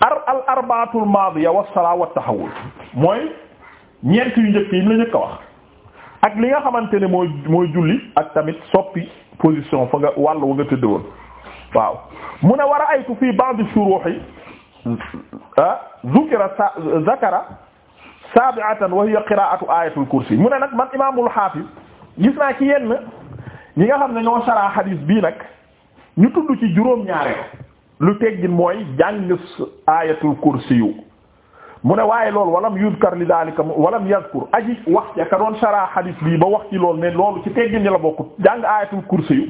ar al arbaatul maadiya wassalaa wa tahawul mooy ñeent yu njëkk yi mu la njëkk wax ak li nga xamante ne mooy mooy julli ak tamit soppi position fa nga wàll nga tëdd woon waaw mu ne war a aytu fii ba'd shuruhi ah, zukira zakara sabi'atan wa hiya qira'atu ayatul kursi mu ne nag man imaamul hafiz gis naa ci yenn ñi nga xam ne ñoo saraa hadis bii nag ñu tudd ci juróom ñaareel lu teggin mooy jàng ayatul kursiyu mu ne waaye loolu walam yudkar li daalika walam yadkur aji wax ca ka doon saraa ba wax ci loolu ne loolu ci teggin ñi la bokk jàng ayatul kursiyu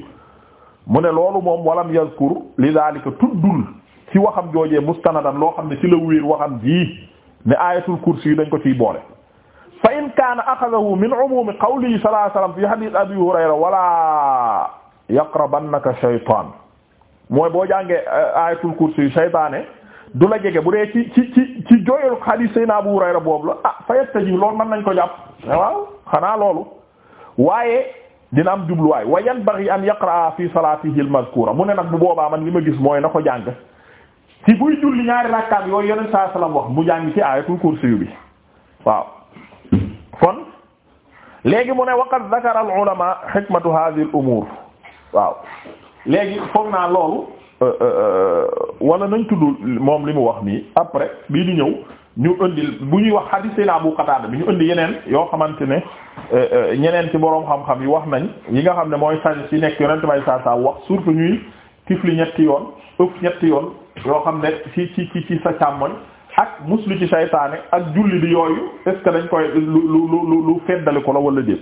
mu ne loolu moom walam yadkur li daalika tuddul ci waxam joojee mustanadan loo xam ne ci la wéer waxam jii ne ayatul kursiyu dañ ko ci boole fa in kaana axadahu min umumi qawlihi sallallahu alayhi wa sallam fi hadith mooy boo jàngee euh, ayatul kursi yu saytaane du la jege bu dee ci ci ci ci jooyal xadiis sayna Abu Hurayra boobu la ah fayastajiib loolu mën nañ ko jàpp waaw xanaa loolu waaye dina am jubluwaay wa am an yaqraa fi salaatihi al-mazkuura mu ne nag bu boobaa man li ma gis mooy na ko jàng ci buy julli ñaari rakkaat yooyu yeneen saa salaam wax mu jàng ci ayatul kursi yu bi waaw kon léegi mu ne waqad dhakara al-ulamaa hikmata haadhihi al-umuur waaw léegi foog naa loolu euh, euh, euh, wala nañu tudd moom li mu wax nii après bii di ñëw ñu indi bu ñuy wax hadith la Abu Qatada bi ñu indi yeneen yoo xamante ne ñeneen ci boroom xam-xam yi wax nañ yi nga xam ne mooy sagesse ci nekk yonent bay saa saa wax surtout ñuy tifli ñetti yoon ëpp ñetti yoon yoo xam ne ci ci ci ci sa càmmoñ ak muslu ci saytaane ak julli di yooyu est-ce que dañ koy lu lu lu lu feddali ko la walla déet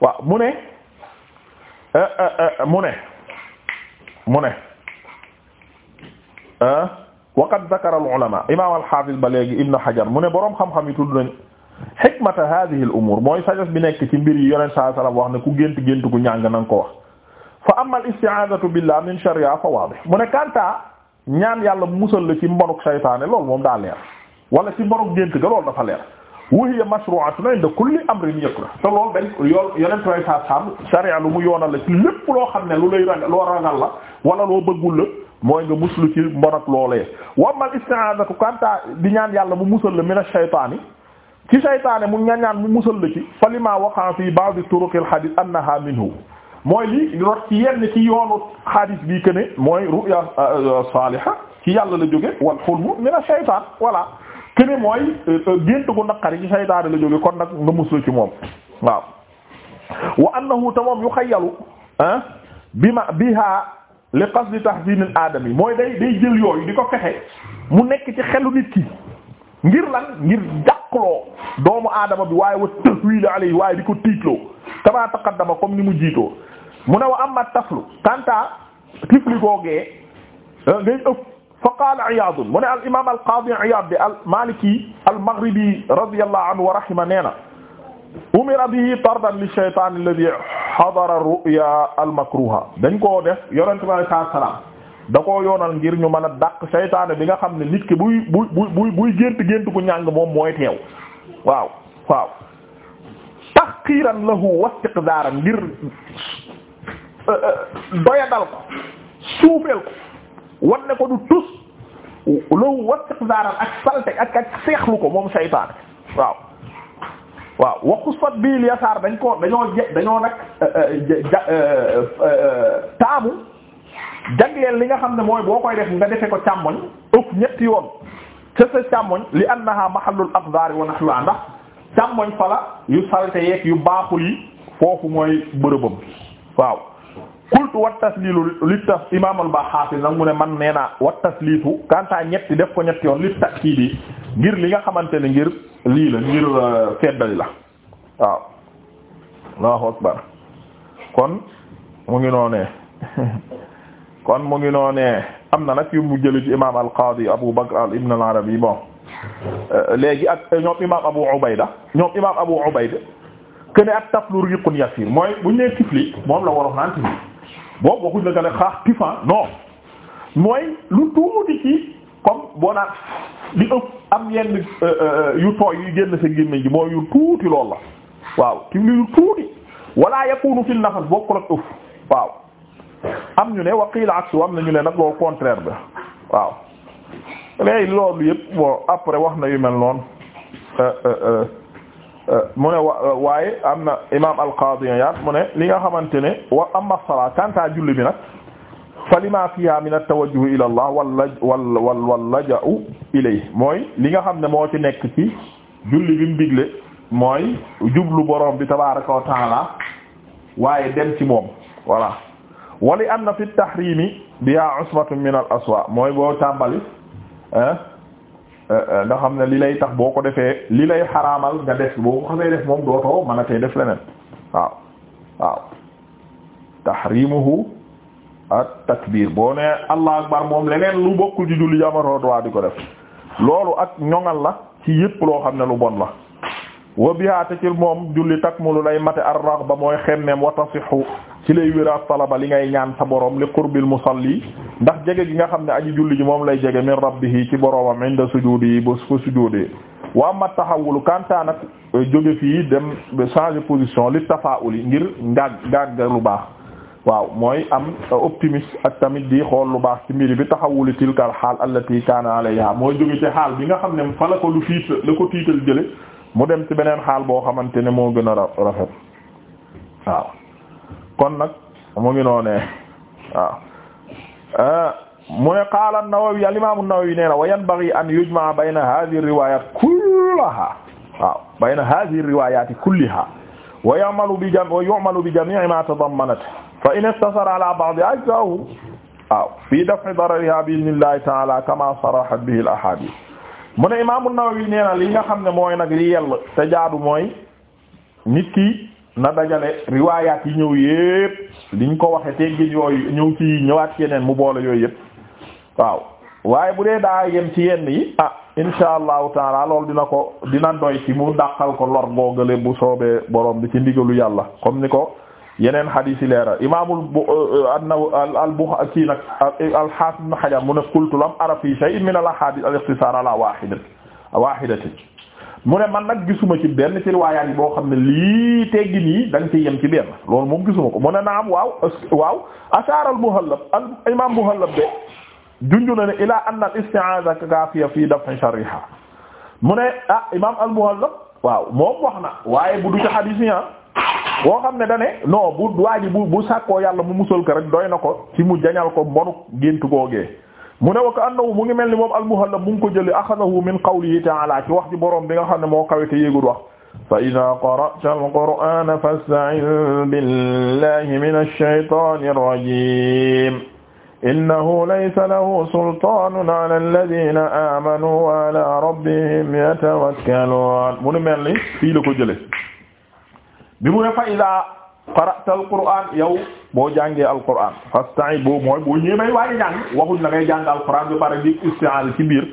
waaw mu ne mu ne. mu ne ah, waqad zakara al ulama imam al hafiz ba léegi ibnu hajar mu ne boroom xam-xam yi tudd nañ hikmata hadhihi al umur mooy sagesse bi nekk ci mbir yi yonent sallallahu wax ne ku gént gént gu ñàng nanga ko wax fa amma al isti'adatu billah min sharriha fa wadih mu ne ñaan yàlla musal la ci mbonuk saytaane loolu moom daa leer wala ci mbonuk gént ga loolu dafa leer wa hiya mashru'atun 'inda kulli amrin yukrah te loolu dañ yool yonent way sa sam sariya lu mu yoonal la ci lépp loo xam ne lu lay ragal loo ragal la wala loo bëggul la mooy nga muslu ci mbon ak loolee wa mal isti'aadatu kanta di ñaan yàlla mu musal la min ash-shaytaani ci shaytaane mu nga ñaan mu musal la ci fa lima waqa'a fi ba'd turuq al-hadith annaha minhu mooy li rot ci yenn ci yoonu hadith bi que ne mooy ru'ya euh, euh, saaliha ci yàlla la jóge wal hulmu min ash-shaytaan voilà kene mooy euh, euh, gént gu naqari ci saytaane la jóge kon nag nga muslu ci moom waaw wa annahu tamam yu xayalu ah bi ma biha li qasdi tahzin al mooy day day jël yooyu di ko fexe mu nekk ci xelu nit ki ngir lan ngir jàqloo doomu aadama bi waaye wa tahwil alayhi waaye di ko tiitloo kama taqaddama comme ni mu jiitoo mu ne wa amma taflu kanta tifli googee euh, ngay ëpp fa qaala Iyaad mu ne al imaam al qaadi Iyaad bi al Maliki al Maghribi radiyallahu anhu wa rahima nee na umira bihi tardan li shaytaan alladhi hadara ru'ya al makruha dañ koo def yonente bi alayhi salaam da koo yoonal ngir ñu mën a dàq seytaane bi nga xam ne nit ki buy buy buy buy gént gént ku ñàng moom mooy teew waaw waaw tahqiran lahu wastiqdaaran ngir euh, euh, doyadal ko suufeel ko wan ne ko du tus loolu wasiq zaaral ak salte ak ak seexlu ko moom saytaane waaw waaw waxu sot bil yasaar dañ ko dañoo je dañoo nag euh, euh, euh, taamu jagleel li nga xam ne mooy boo koy def nga defe ko càmmoñ ëpp ñetti yoon ca càmmoñ li annaha mahallul aqdar wa nahwa ndax càmmoñ fala yu salte yeeg yu baaxul yi foofu mooy bërëbam waaw qultu wat tasliilu li tas imaamal ba xaafis ne man nee naa wat tasliitu kantaa ñetti def ko ñetti yoon li takkii bi ngir li nga xamante ne ngir lii la ngir euh, feddali la waaw allahu akbar kon mu ngi noonee kon mu ngi noonee am na nag yu mu jëli imaam al qaadi abu bakr al ibn al arabi bon euh, léegi ak euh, ñoom imaam abu ubayda ñoom imaam abu ubayda këne ak taflu riqun yasiir mooy bu ñu nee tifli moom la waroon naan tifli boobu waxuñ la nga ne xaax tifan non mooy lu tuuti ci comme boo naan di ëpp am yenn euh, euh, yu tooy yu génn sa gémmiñ gi mooy yu tuuti lool la waaw ci lu tuuti wala yakunu fil nafas bokkul ak ëpp waaw am ñu ne wa qila aksu am na ñu ne nag loolu contraire bi waaw léegi loolu yëpp bon après wax na yu mel noonu euh, mu waaye am na imaam al-Qaadi li nga xamante ne wa amma salaat kanta julli bi nag fa lima fiha min at-tawajjuh ila Allah wala wal wal wal laja'u ilay mooy li nga xam ne moo ci nekk ci julli bi mu mooy jublu borom bi tabaaraka wa taala waaye dem ci moom voilà wali anna fi tahriimi biha usmatun min aswa mooy boo tàmbali ah Euh, euh, nga xam ne li lay tax boo ko defee li lay xaraamal nga def boo ko xamee def moom dootoo mën a def leneen waaw waaw tahrimuhu ak takbir boo ne allah akbar moom leneen lu bokkul ci julli jamatoo droit di ko def loolu ak ñoŋal la ci yépp loo xam ne lu bon la wa bihaata ci moom julli takmulu lay mate ar-raghba mooy xemmeem wa tasixu ci lay wéraat talaba li ngay ñaan sa borom li qurbil musalli ndax jege gi nga xam ne aji julli ji moom lay jege min rabbihi ci boroomam inda sujudi ba fa sujudee waa ma taxawulu kantaa nag e, jóge fii dem changer position li tafauli ngir ngaag ngaag lu baax waaw mooy am e, optimiste ak tamit di xool lu baax ci mbiri bi taxawuli tilkal xaal allati kaana alayha mooy jóge ci xaal bi nga xam ne fa la ko lu fiit la ko tiital jële mu dem ci beneen xaal boo xamante ne moo gën a rafet kon nag mu ngi noonee waaw eh, mu ne qaala an-Nawawi al-imam an-Nawawi nee na wa yanbaghi an yujma'a bayna hadhihi ar-riwayat kullaha waaw bayna hadhihi ar-riwayat kullaha wa ya'malu bi jam wa yu'malu bi jami'i ma tadammanat fa in istasara ala ba'di ajzahu waaw fi daf'i darariha bi idhnillahi ta'ala kama sarahat bihi al-ahadith mu ne imam an-Nawawi nee na li nga xam ne mooy nag li yell te jaadu mooy nit ki na dajale riwaayaat yi ñëw yépp liñ ko waxe teggin yooyu ñëw ci ñëwaat yeneen mu boole yooyu yépp waaw waaye bu dee daa yem ci yenn yi ah insha allahu taala loolu dina ko dina doy ci mu dàqal ko lor googale bu soobee borom bi ci ndigalu yàlla comme ni ko yeneen xadiis yi leeral imaamul bu euh, euh, al al bu kii nag al xaafis eh, ibn Hajar mu ne qultu lam ara fi shay'in min al ahadith al ikhtisar ala wahidatin wahidatin mu ne man nag gisuma ci benn ci riwaayaat yi boo xam ne lii teggin yi da nga ci yem ci benn loolu moom gisuma ko mu ne naam waaw waaw ashar al muhallab al imam muhallab de junju na ne ila anna al isti'aza kaafiya fi daf'i sharriha mu ne ah imam al muhallab waaw moom wax na waaye bu du ci xadiis ah, boo xam ne dane non bu waa bu bu sàkkoo yàlla mu musal ko rek doy na ko ci mu jañal ko mbonu gént googee mu ne wa ka annahu mu ngi mel ni moom almuhallab mu ngi ko jëlee axadahu min qawlihi ta'ala ci wax ji borom bi nga xam ne moo kawe te yéegul wax fa ida qara'ta alqur'ana fasta'in billahi minash shaytanir rajim innahu laysa lahu sultanun ala alladhina amanu wa ala rabbihim yatawakkalun mu ngi mel ni fii la ko jëlee bi mu ne fa ida qara'ta alquran yow boo jàngee alquran fasta'id boobu mooy boo ñëwee may waaye jàng waxuñ la ngay jàng alquran bi pare di isti'aal ci biir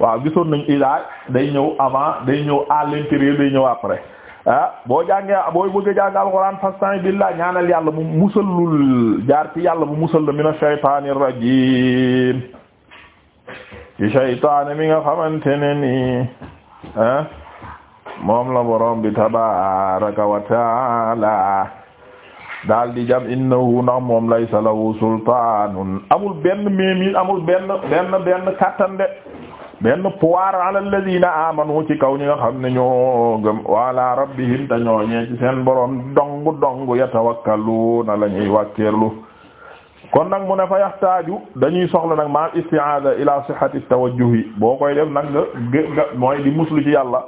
waaw gisoon nañ ila day ñëw avant day ñëw à l'intérieur day ñëw après ah boo jàngee booy bëgg a jàng alquran fasta'id billah ñaanal yàlla mu musalul jaar ci yàlla mu musal la mina shaytaanir rajiim ci shaytaan mi nga xamante ne ni ah moom la borom bi tabaaraka wa taala daal di jam innahu ndax moom laysa lahu sultaanun amul benn méemil amul benn benn benn kattan de benn pouvoir amanu ci kaw ñi nga xam ne ñoo gëm wala rabbihim te ñoo ñee ci seen borom dong dong yatawakkaluna la ñuy wàkkeerlu kon nag mu ne fa yaxtaaju dañuy soxla nag ma isti'aada ila sihhati tawajjuhi boo koy def nag mooy di muslu ci yàlla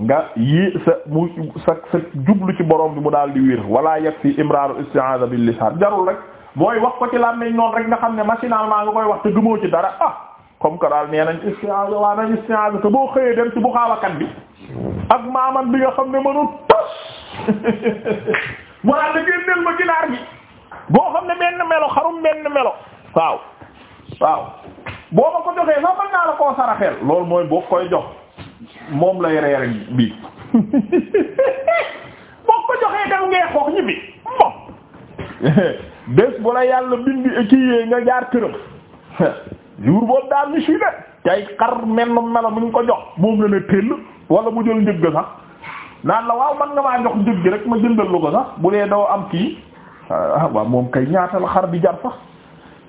nga yi sa mu sa sa jublu ci borom bi mu daal di wiir wala yakfi imraaru isti'aza bil lisaan jarul rek mooy wax ko ci làmmiñ noonu rek nga xam ne maa nga koy wax te gëmoo ci dara ah comme que daal nee nañ isti'aza te boo xëyee dem ci bu xaabakat bi ak maaman bi nga xam ne mënul tos wala da génneel ma ginaar gi boo xam ne melo xarum benn melo waaw waaw boo ko joxee sax mën naa la koo saraxeel loolu mooy boo koy jox moom lay reer bii boo ko joxee dam ngay xoox ñi bu la yàlla bindi kii nga jaar këram jour boobu daal mi si de tey xar menn melo bu ñu ko jox moom la ne tëll wala mu jël njëg sax naan la waaw man nga maa jox njëg gi rek ma jëndal lu ko sax bu dee doo am kii ah waaw moom kay ñaata la xar bi jar sax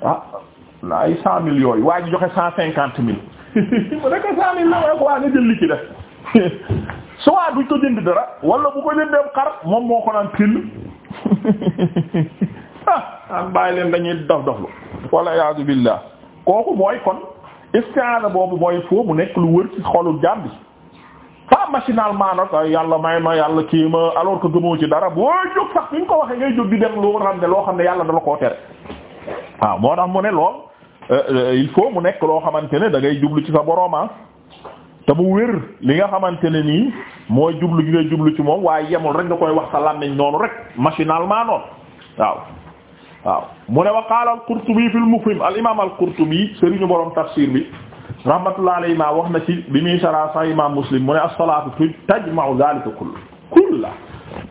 ah ay cent mille yooyu waa ji joxe cent cinquante mille mu ne ko la waaye ko waa nga jël li ci def duñ ko jënd dara wala bu ko jëndee xar moom moo ko naan till ah an bàyyi leen dañuy dof doflu wala iyaazu billah kooku mooy kon istiaada boobu mooy foo mu nekk lu wër ci xolu jaam bi pas machinalement nag ay yàlla may ma yàlla kii ma alors que gëmoo ci dara boo jóg sax fi nga ko waxee ngay jóg di dem loo xam ne loo xam ne yàlla dala koo tere waaw moo tax mu ne lool Euh, euh, il faut mu nekk loo xamante ne dangay ngay jublu ci sa boroma ah. te mu wér li nga xamante ne nii mooy jublu gi ngay jublu ci moom waaye yemul rek nga koy wax sa làmmiñ noonu rek machinalement noonu waaw waaw mu ne wa al-Qurtubi fil al imam al-Qurtubi sëriñu borom tafsir bi rahmatullah alayhi ma wax na ci bi muy sara sa imam Muslim mu ne as-salaatu tajma'u dhalika kullu kullu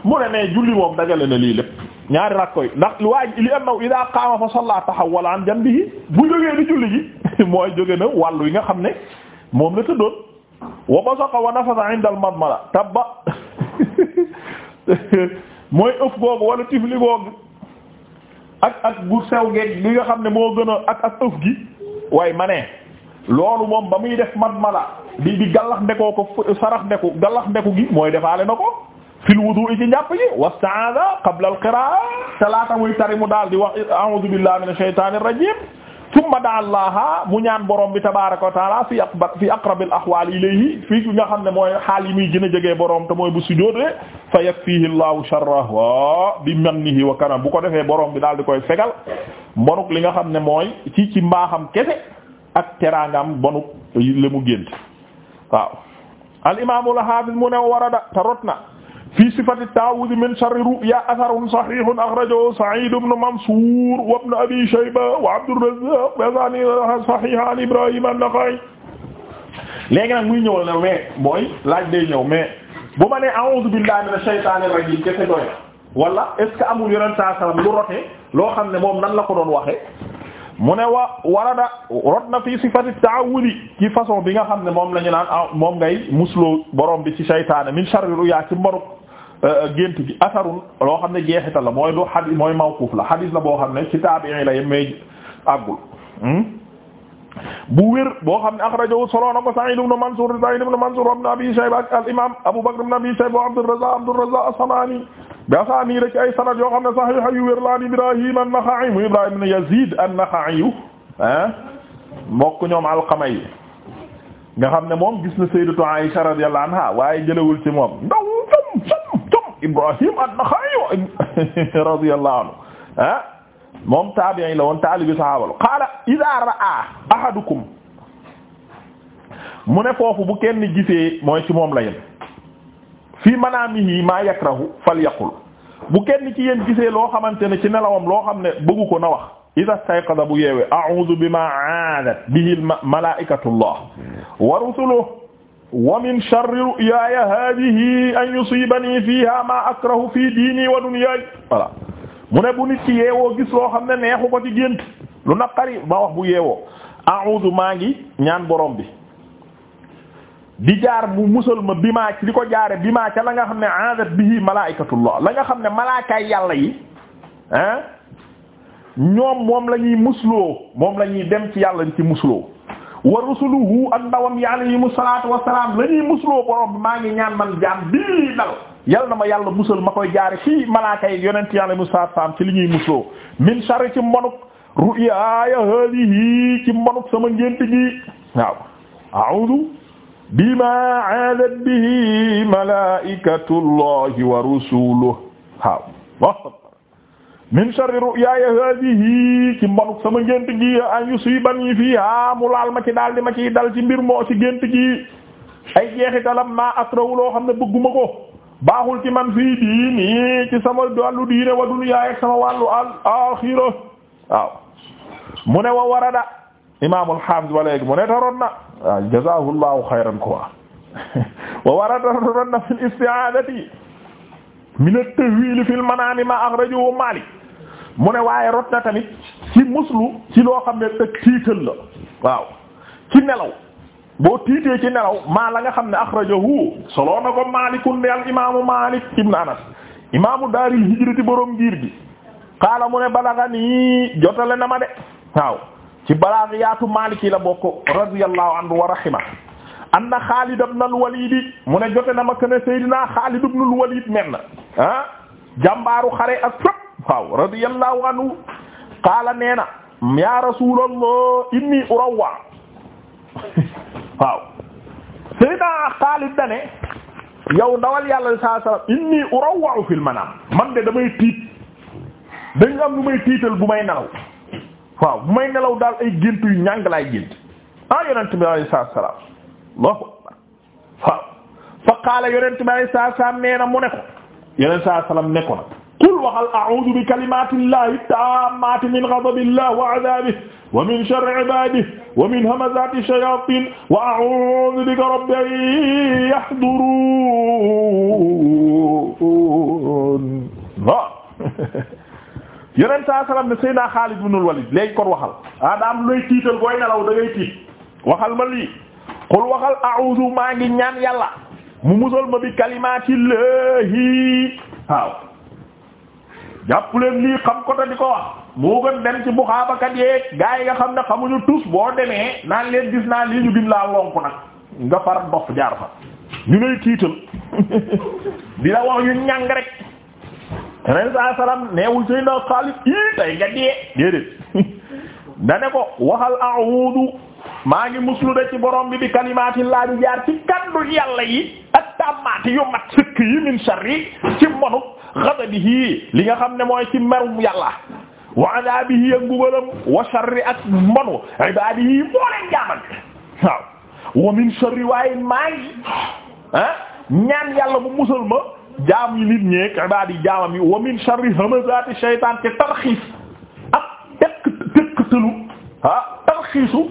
mu ne ne julli moom dajale na lii lépp ñaari rakko yi ndax waa li annahu ida qaama fa salla tahawwala an janbihi bu jógee di julli ji mooy jóge na wàllu yi nga xam ne moom la tëddoon wa basaqa wa nafasa inda al madmada tabba mooy ëf googu wala tifli googu ak ak bu sew geeg li nga xam ne moo gën ak ak ëf gi waaye ma ne loolu moom ba muy def mala di di gallax ndekoo ko sarax ndeku gallax ndeku gi mooy defaale na ko fil wudu'i ci njàpp ji wasta'aada qabla al-qiraa te laata muy tari mu daal di wax a'uuzu billahi mina shaytaani rajiim tumma da'a Allaha mu ñaan borom bi tabaaraka wa ta'aala fi aqba fi aqrabil ahwaal ilayhi fii nga xam ne mooy xaal yi muy gën a jege borom te mooy bu sujóodee fa yakfiihi Allahu sharrahu bi mannihi wa karam bu ko defee borom bi daal di koy fegal mbonuk li nga xam ne mooy ci ci mbaaxam kese ak teraangam mbonuk li mu gént waaw. al imaam al fi sifati taawudi min sharri ru'ya atharun sahihun akhrajahu Sa'id ibn Mansur wa ibn Abi Shayba wa Abdurrazzaq wa sanad sahih an Ibrahim an-Nakha'i léegi na mais mooy laaj day ñëw mais bu mane nee a'udhu billahi minash shaytanir rajim kese doy na wala est ce que amul yeneen saa salaam lu loo xam ne moom nan la ko doon waxee mu ne wa warada rot na fi sifati ta'awudi ci façon bi nga xam ne moom la ñu naan ah, moom ngay musloo borom bi ci shaytaan min sharri ru'ya ci mbaruk Euh, euh, gént gi asarun loo xam ne jeexital la mooy du xadis mooy mawquuf la xadis la boo xam ne ci taabi'i la yem may hmm? bu wér boo xam ne axrajahu solo na ko Sa'id ibn Mansur Sa'id ibn Mansur ibn Abi Shayba ak al imam Abu Bakr ibn Abi Shayba Abdurrazzaq Abdurrazzaq as-San'ani bi asaani rek ay sanad yoo xam ne sahiha yu wér laan Ibrahim an-Nakha'i mu Ibrahim ibn Yazid an-Nakha'i ah mbokk ñoom Alqama yi nga xam ne moom gis na Sayyidatu Aisha radiyallahu anha waaye jëlewul ci moom Ibrahim an-Naxa'i radiyallahu anhu ah moom taabi'i la woon taalibi sahaaba la qaala idaa ra'a ahadukum mu ne foofu bu kenn gisee mooy ci moom la yem fii manaamihi maa yakrahu falyaqul bu kenn ci yéen gisee loo xamante ne ci nelawam loo xam ne bëggu ko na wax ida stayqada bu yeewee a'udhu bima aadat bihi malaa'ikatullah wa rusuluhu wa min sharri ru'yaaya haadihi an yusiibanii fiihaa maa akrahu fii diinii wa dunyaaya voilà mu ne bu nit ci yeewoo gis loo xam ne neexu ko ci gént lu naqari ma wax bu yeewoo a'uudu maa ngi ñaan borom bi di jaar mu musal ma bi maa ci di ko jaare bi maa ca la nga xam ne aadat bihi malaa'ikatullah la nga xam ne malaakaay yàlla yi ah ñoom moom la ñuy musloo moom la ñuy dem ci yàlla ci musloo wa rusuluhu ak ndawam yi alayhimu salaatu wassalaam la ñuy musloo borom bi maa man jaam bii dal yal ma yàlla musal ma koy jaare fii malaaka yi yonent yi alayhimu salaatu wassalaam ci li ñuy musloo min sharri ci mbonuk ru'yaaya haadihi ci mbonuk sama ngént gi waaw a'udhu bima aadat bihi malaa'ikatullahi wa rusuluhu waaw min sharri ru'yaaya haadihi ci mbonuk sama gént gi an yusibani fiha mu laal ma ci daal di ma ciy dal ci mbir moo ci gént gi ay jeexitalam ma akrawu loo xam ne bëgguma ko baaxul ci man fii diini ci sama wàllu diine wa dunyaaya ak sama wàllu al axira waaw mu ne wa warada imaamul haafis ba léegi mu ne taroon na waaw jazaahullahu xayran quoi wa warada taroon na fil isti'aadati min at-tahwiil fil manaami ma axrajahu Maalik mu ne waaye rot na tamit ci muslu ci loo xam ne ak tiital la waaw ci nelaw boo tiitee ci nelaw maa la nga xam ne axrajahu soloo na ko maalikun ne al imaamu maalik ibn anas imaamu daaril hijrati boroom ngir gi xaala mu ne balaga nii jotale na ma de waaw ci balaaxiyaatu maalik la bokk radiyallahu anhu wa rahima anna Xaalid ibn al-Walid mu ne jote na ma ko ne Seydina Xaalid ibn al ah jàmbaaru xare ak fépp waaw radiyallahu anhu qaala nee na ya rasulallah inni urawwa waaw Seydina Xaalid dane yow ndawal yàlla saa sallam inni urawwa fil manaam man de damay tiit dañ am lu may tiital bu may nelaw waaw bu may nelaw daal ay gént yu ñàng laay gént ah yonent bi alayhi salaatu salaam allahu akbar fa qaala yonent bi alayhi salaatu salaam nee na mu ne salaam ne ko qul waxal a'uudu bi kalimaatillaahi taammaati min ghadabillahi wa adaabihi wa min sharri ibaadihi wa min hamazaati shayaatiin wa a'uudu bika rabbi an yahduruun yeneen saa salaam ne Seydina Xaalid ibnul Waliid léegi kon waxal ah daa am looy tiital booy nelaw da ngay tiit waxal ma lii qul waxal a'uudu maa ngi ñaan yàlla mu musal ma bi kalimaatillaahi waaw. jàpp leen lii xam ko te di ko wax moo gën dem ci buxaabakat yeeg gaa yi nga xam ne ñu tus boo demee naan leen gis naa lii ñu gim laa lonku na nga far dof jaar fa ñu lay tiital di la wax yu ñàng rek yeneen saa salaam neewul say na Xaalid ii tey nga dee déedéet da ne ko waxal a'uudu maa ngi muslu de ci borom bi bi kalimaati laa di jaar ci kaddu yàlla yu mat sëkk yi min sharri ci mbonu ghadabihi li nga xam ne mooy ci merum yàlla wa adabihi ak mbugalam wa sharri ak mbonu ibadihi moo leen jaaman waaw wa min sharri waaye maa ngi ah ñaan yàlla mu musal ma jaam yi nit ñeek ibadi jaamam yi wa min sharri hamazati shaytan te tarxiis ak tekk tekk tëlu ah tarxiisu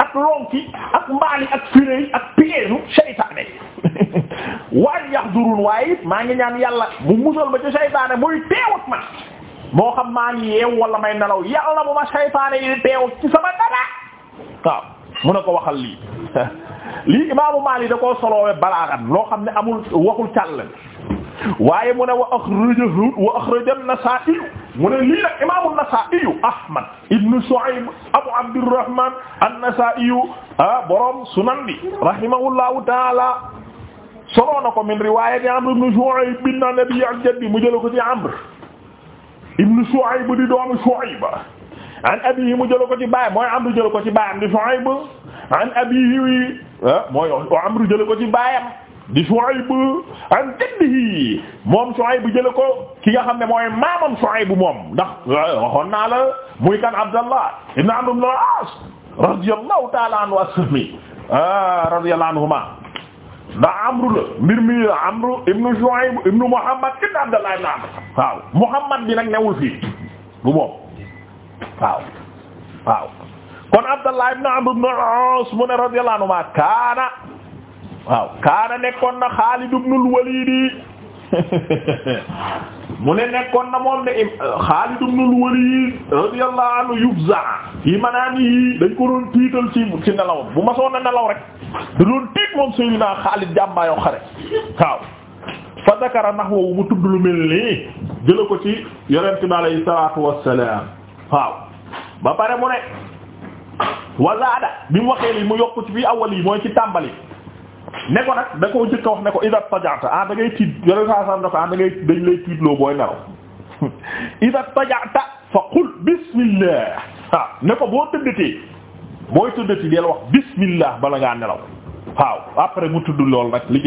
ak lonki ak mbaali ak furet ak piège u seytaane waaye yax durun maa ngi ñaan yàlla mu musal ma ci seytaane muy teewut ma moo xam maa yeew wala may nelaw yàlla bu ma seytaane yi teewut ci sama dara waaw mun a ko waxal lii lii imaamu Maalik da koo solowee balaaxan loo xam ne amul waxul càll waaye mu ne wa axrajahu wa axraja an-Nasaa'iyu mu ne lii nag imaamu an-Nasaa'iyu Ahmad ibn Shu'ayb Abu Abdirrahman an-Nasaa'iyu ah borom sunan bi rahimahullahu ta'ala soroon na ko min riwaayati Amr ibn Shu'ayb bin Nabi an jaddi mu jël ko ci Amr ibn Shu'ayb di doomu Shu'ayb an abiihi mu jël ko ci baay mooy Amr jël ko ci baayam di Shu'ayb an abiihi ah, mooy Amr jël ko ci baayam di Shuayb an jaddihi moom Shuayb jële ko ki nga xam ne mooy maamam Shuayb moom ndax euh, waxoon naa la muy kan Abdallah ibn Amr ibn al-As radiyallahu ta'ala anhu as-Sahmi ah, radiyallahu mi Muhammad ibn Abdallah ibn Amr waaw Muhammad bi nag newul fii bu moom kon Abdallah ibn Amr ibn al-As mu ne radiyallahu anhuma kaana waaw kaana nekkoon na Xaalid ibnul Waliid mu ne nekkoon na moom ne Xaalid ibnul Waliid radiyallahu anhu yufza yi manaani yi dañ ko doon tiital ci ci nelaw bu ma soon na nelaw rek da doon tiit moom Seydina Xaalid jàmbaayoo xare waaw fa dakara nahwu mu tudd lu mel nii jëla ko ci yonent bi alayhi salaatu wassalaam waaw ba pare mu ne wazaada bi mu waxee li mu yokk ci fi awal yi mooy ci tàmbali ne nag da koo wax ne ko idat tajata ah tiit yore saa sam da ko nelaw idat tajata fa qul bismillah waaw ne ko boo tëddatee booy tëddati del wax bismillah bala nelaw waaw après mu tudd lool nag li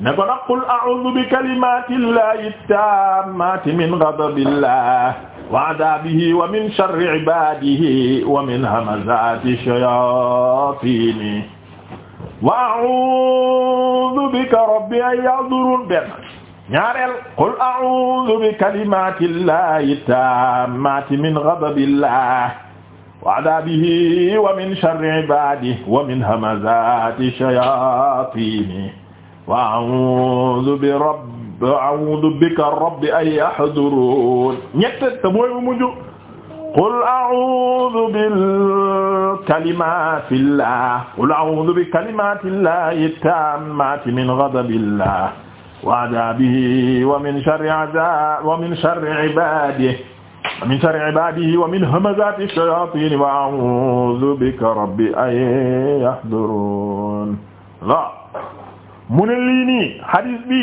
nag qul a'udhu bi kalimatillahi tammati min ghadabillah wa adabihi wa min sharri ibadihi wa min hamazati shayatini wa a'udhu bika rabbi an yahdurun benn ñaareel qul a'udhu bi kalimati llahi tammati min ghadabillah wa adabihi wa min sharri ibadihi wa min hamazati shayatini wa a'udhu bi rabbi a'udhu bika rabbi an yahdurun ñett te mooy mu mujj qul a'uudu bikalimaatillah qul a'uudu bikalimaatillah taammaati min ghadabillah wa adaabihi wa min sharri adaabihi wa min sharri ibaadihi wa min sharri ibaadihi wa min hamazaati shayaatiini wa a'uudu bika rabbi an yahduruun la mu ne lii nii hadiis bi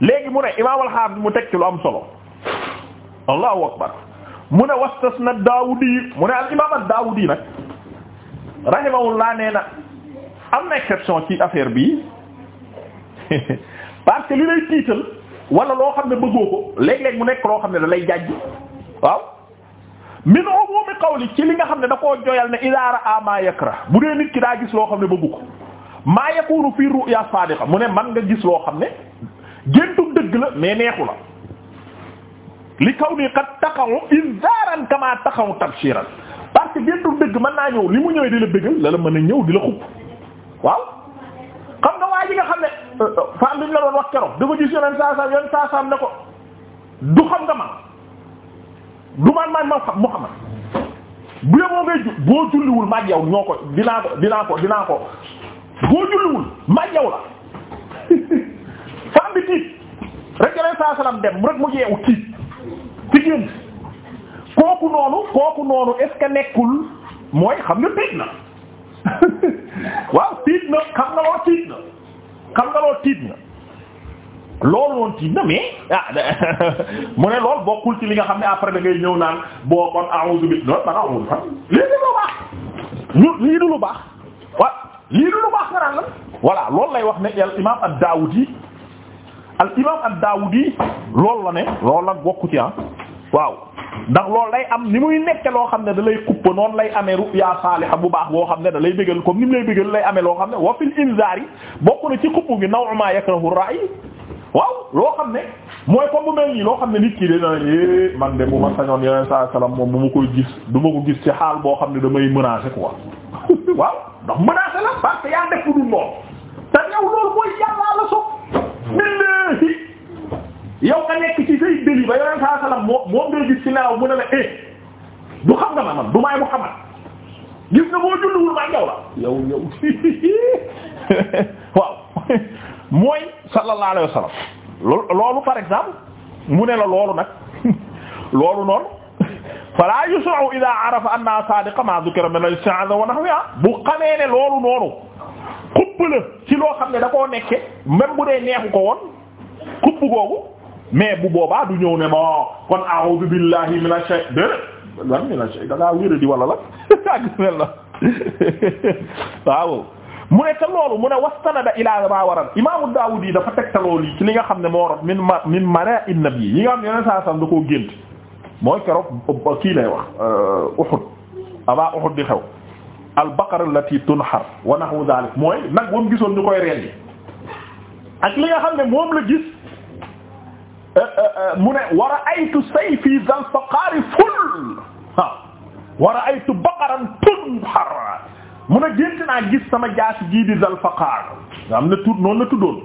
léegi mu ne imaam al-Hafiz mu teg ci lu am solo allahu akbar mu ne wastasna Daawudi mu ne al imaam ad-Daawudi nag rahimahullah nee na am na exception ci affaire bi parce que li lay tiital wala loo xam ne bëggoo ko léeg-léeg mu nekk loo xam ne dalay lay jàjj waaw min umumi qawli ci li nga xam ne da koo joyal ne idaara a ma yakra bu dee nit ki daa gis loo xam ne bëggu ko maa yakunu fii ru'ya sadiqa mu ne man nga gis loo xam ne géntu dëgg la mais neexu la li kaw nii kat taxawu inzaaran kamaa taxawu tabshiran parce que géntu dëgg mën naa ñëw li mu ñëwee di la la la mën a ñëw di la xupp waaw xam nga waa ji nga xam ne euh, euh, femme bi la doon wax keroog dafa gis yeneen saasaam saasaam ne ko du xam nga man du man man ma xam Muhammad bu yeboo ngay ju boo julliwul maaj yow ñoo ko dinaa ko dinaa ko dinaa ko boo julliwul maaj yow la tiit rek yoneen saa salaam dem rek mu jeewu tiit ci génn kooku noonu kooku noonu est nekkul mooy xam nga tiit na waaw tiit na xam nga loo tiit na loolu noonu tiit na mais ah mu ne lool bokkul ci li nga xam ne après da ngay ñëw naan boo kon a'udhu bi lii du lu baax ñu lii du lu baax wa lii du lu baax nga naan la voilà loolu lay wax ne al imam ad-Dawudi al imaam ad-Daawudi loolu la ne loolu la bokku ci ah waaw ndax loolu lay am ni muy nekke loo xam ne da lay kuppa noonu lay amee ru'ya saaliha bu baax boo xam ne dalay lay comme ni mu lay bégal lay amee loo xam ne wa fil inzaar bokk na ci kuppu gi naw'u maa yakrahu ra'i waaw loo xam ne mooy comme bu mel nii loo xam ne nit ki dina ne eh, man de bu ma sañoon yeneen saa salaam moom bu ma koy gis du ma ko gis ci xaal boo xam ne damay menacer quoi waaw ndax menacer la parce que yaa def dul noonu te yow loolu billahi yow nga nekk ci say dëli ba yoneen saa salaam moom moom ngay gis ci nelaw mu ne la eh du xam nga ma man du maay Muhammad gis nga boo julliwul maa njaw la yow yow waaw mooy sallallahu alayhi wa sallam loolu par exemple mu ne la loolu nag loolu noonu fala yusra'u idha arafa anna sadiqa ma dhukira min al-isti'adha wa nahwiha bu xamee ne loolu noonu xupp la ci loo xam ne da koo nekke même bu dee neexu ko woon xupp googu mais bu boobaa du ñëw ne mo kon a billahi minash shaytan dé lan minash shaytan da ngaa wéra di wala la agmel la waaw mu ne te loolu mu ne wastanada ila ma waral imaamu Daawud yi dafa tegtaloo lii ci li nga xam ne moo rot min ma min mara in nabi yi nga xam ne yeneen saa sam da koo gént mooy keroog kii lay wax euh, Uhud avant Uhud di xew al baqara allati tunhar wa nahwu dhalik mooy nag ba mu gisoon ni koy rendi ak li nga xam ne moom la gis euh, euh, euh, mu wa ra'aytu sayfi dhal faqari ful waaw wa tunhar mu ne gént naa gis sama jaasi jii di dhal faqar nga am na tudd noonu la tuddoon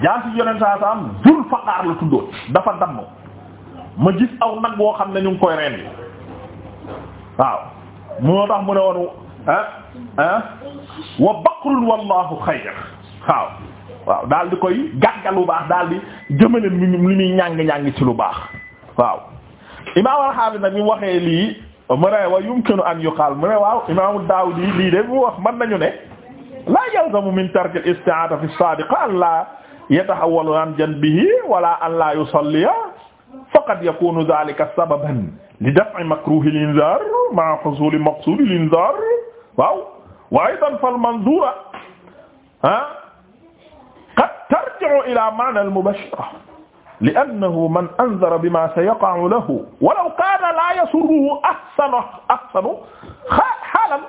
jaasi yoneen saa saa am la tuddoon dafa damm ma gis aw nag woo xam ne ñu ngi koy rendi waaw moo mu ne woon ah ah wa baqrun wallahu xayr waaw waaw daal di koy gàggal lu baax daal di jëmale lu ñuy ñàng-ñàng ci lu baax waaw imam al-Hafiz nag ñu waxee lii mu ne wa yumkinu an yuqaal mu ne waaw imaamu Daawudi lii de mu wax mën nañu ne laa yalzamu min tarki al-isti'aada fi as-saadiq an laa yatahawwalu an janbihi wala an laa yusalliya faqad yakunu dhaalika sababan li daf'i makruuhi al-inzaar ma'a husuuli maqsuudi al-inzaar waaw wa aydan fal manzura ah qad tarji'u ila ma'na al mubashira li annahu man anzara bima sayaqa'u lahu wa law kana la yasurruhu ahsanu ahsanu halan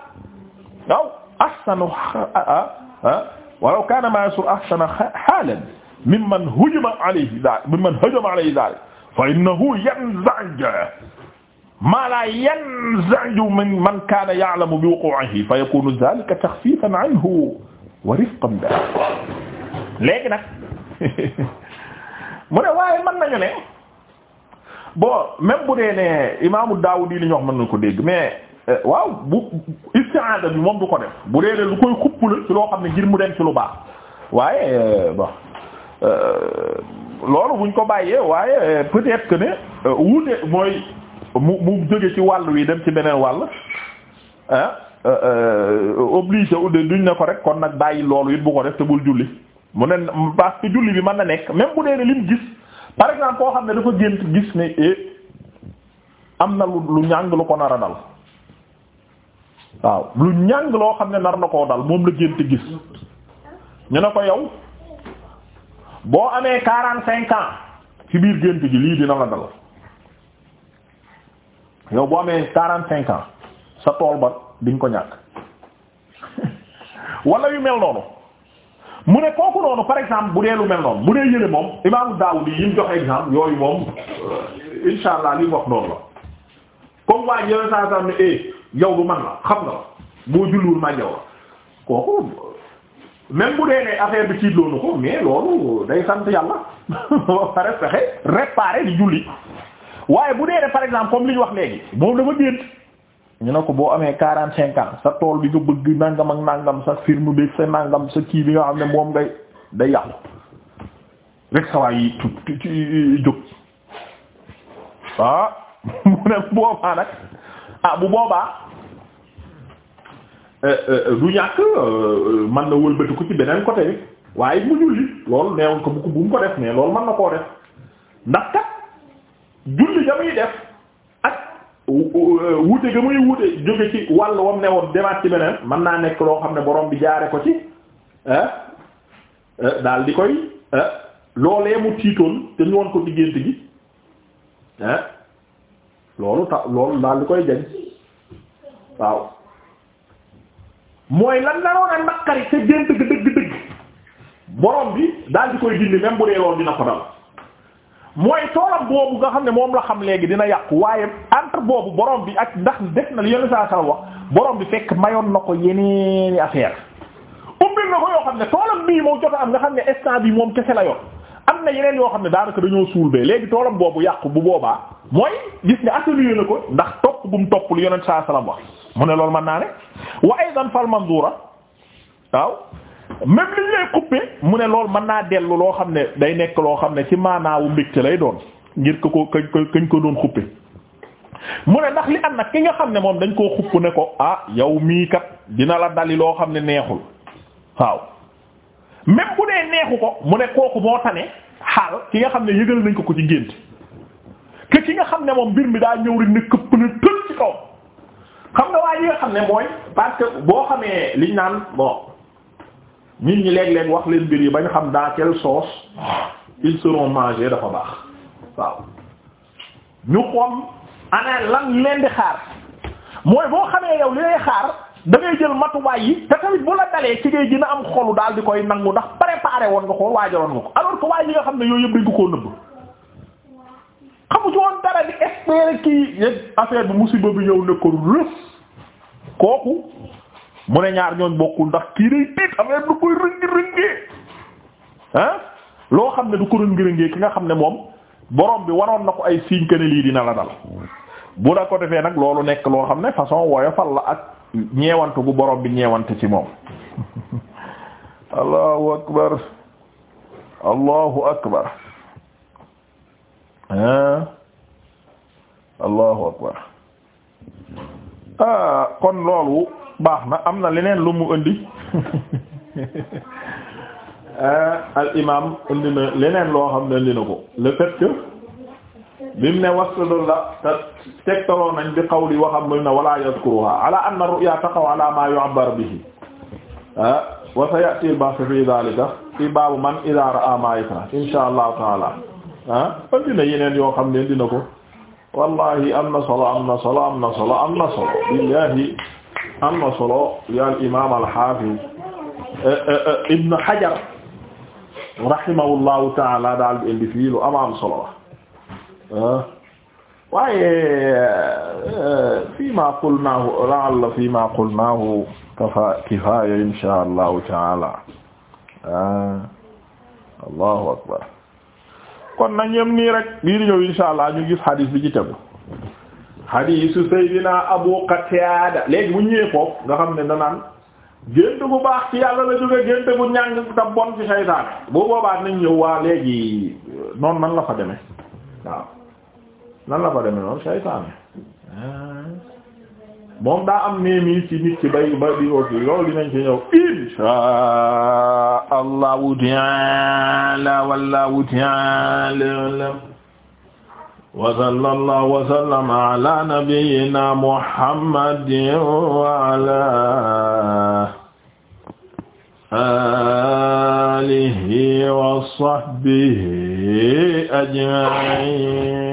waaw ahsanu wa law kana ma yasurru ahsana halan mimman hujima alayhi dhalik mimman hujima alayhi dhalik fa innahu yanzaj maa laa yanzaju min man kaana ya'lamu bi wuqu'ihi fa yakunu dhalika takhfifan anhu wa rifqan bihi léegi nag mu ne waaye mën nañu ne boo même bu dee ne imaamu Daawudi li ñu wax mën nañu ko dégg mais eh, waaw bu isti'aada bi moom du ko def bu dee ne lu koy xupp la ci loo xam ne ngir mu dem ci lu baax waaye eh, bon eh, loolu buñ ko bàyyee waaye peut-être que ne wuute mooy. mu mu jóge ci wàll wi dem ci beneen wàll ah obligé duñ ne ko rek kon nag bàyyi loolu it bu ko def te bul julli mu ne parce que julli bi man na nekk même bu dee ne lim gis par exemple koo xam ne dafa gént gis ne eh, am na lu lu ñàng lu ko nar a dal waaw lu ñàng loo xam ne nar na koo dal moom la gént gis ñu ne ko yow boo amee quarante cinq ans ci biir gént gi lii dina la dal yow boo amee quarante cinq ans sa tool ba diñ ko ñàkk wala yu mel noonu mu ne kooku noonu par exemple bu dee lu mel noonu bu dee yële moom imaamu Daawudi yi mu jox exemple yooyu moom euh, insha allah li mu noonu la comme waa yone saa saa ne eh yow lu man la xam nga la boo julliwul man yow la kooku même bu dee ne affaire bi tiitloo na ko mais loolu day sant yàlla ba pare julli waaye bu dee par exemple comme li ñu wax léegi moom dafa gént ñu ne ko boo amee quarante cinq sa tool bi nga bëgg nangam ak nangam sa firme bi sa nangam sa kii bi nga xam ne moom ngay day yàqu rek sa waay yi tu jóg ah mu ne bu boobaa nag ah bu boobaa euh, euh, du ñàkk euh, man na wëlbati ci beneen côté bi waaye mu julli loolu neewul ko bu ko ko def mais loolu mën na koo def ndax kat julli ga muy def ak wuute ga muy wuute jóge ci wàll wam ne woon demaat ci beneen mën naa nekk loo xam ne borom bi jaare ko ci ah, ah, daal di koy ah, loolee mu tiitoon te ñu woon ko diggante gi loolu ta loolu daal di koy jañ waaw mooy lan naroon a naqari te gént dëgg dëgg borom bi daal di koy dindi même bu dee loolu dina ko dal mooy toolam boobu nga xam ne moom la xam léegi dina yàqu waaye entre boobu borom bi ak ndax def na li yenn saa saa wax borom bi fekk mayoon na ko yeneeni affaire ubbil na ko yoo xam ne toolam bii moo jot a am nga xam ne instant bi moom kese la yoon am na yeneen yoo xam ne daanaka dañoo suul bee léegi toolam boobu yàqu bu boobaa mooy gis nga atténuer na ko ndax topp bu mu topp lu yeneen saa saa wax mu ne loolu mën naa ne wa ay fal manzura waaw même li lay coupé mu ne loolu mën naa dellu loo xam ne day nekk loo xam ne ci maanaawu mbégte lay doon ngir ko ko kañ ko ko doon coupé mu ne ndax li am na ki nga xam ne moom dañ koo xupp ne ko ah yow mii kat dina la dali loo xam ne neexul waaw même ku dee neexu ko mu ne kooku moo ne xaal ki nga xam ne yëgal nañ ko ko ci gént que ki nga xam ne moom mbir mi daa ñëw rek ne këpp na tël ci kaw xam nga waaye yi nga xam ne mooy parce que boo xamee liñ naan nit ñi léeg-léeg wax leen mbir yi bañ xam dans quelle sauce ils seront dafa baax waaw ñu xoom ana lan leen di xaar mooy boo xamee yow li lay xaar da ngay jël matuwaay yi te tamit bu la dalee ci ngay gën am xolu daal di koy nangu ndax préparé woon nga ko waajaloon nga ko alors que waaye nga xam ne yooyu yëpp dañ ko koo nëbb xamu ci bi musiba bi ñëw ko rës kooku mu ne ñaar ñooñ bokkul ndax kii day tiit am du koy rëngi rëngee ah loo xam ne du ko rëngi rëngee ki nga xam ne moom borom bi waroon na ko ay signe que ne lii dina la dal bu da ko defee nag loolu nekk loo xam ne façon woyofal la ak ñeewante gu borom bi ñeewante ci moom allahu akbar allahu akbar Ah, kon loolu baax na am na leneen lu mu indi ah, al imam indi na leneen loo xam ne indi na ko le fait que bimu ne waslu la te tegtaloo nañ bi qawli waxam mu na wala yadkuruha ala anna ru'ya taqaw ala ma yu'abbar bihi ah, wa sayati al-bahth fi dhalika fi babu man idha ra'a ma yakra insha Allah ta'ala ah indi na yeneen yoo xam ne indi na ko wallahi am na solo am na solo am na solo am na solo billahi am na solo yal imaam al-Hafiz eh, eh, eh, Ibn Hajar rahimahullahu ta'ala daal di indi fii lu am am solo la waaye fii ma qulnaahu la'alla fii ma qulnaahu kafa kifaaya insha allahu ta'ala Allahu akbar kon nañ yem nii rek bii di ñëw insha allah ñu gis hadis bi ci tegu hadisu Seydina Abu Qatada léegi bu ñëwee foofu nga xam ne danaan gént bu baax ci yàlla la jóge gént bu ñàng te bon ci saytaane bu boobaa nañ ñëw waa léegi noonu nan la fa demee waaw nan la fa demee noonu saytaane moom daa am néemi ci nit ci bay ba di ko ci loolu dinañ ci ñëw insha allahu taala wallahu taala alam wa sallallahu wa sallama ala nabiyyina muhammadin wa ala alihi wa sahbihi ajma'in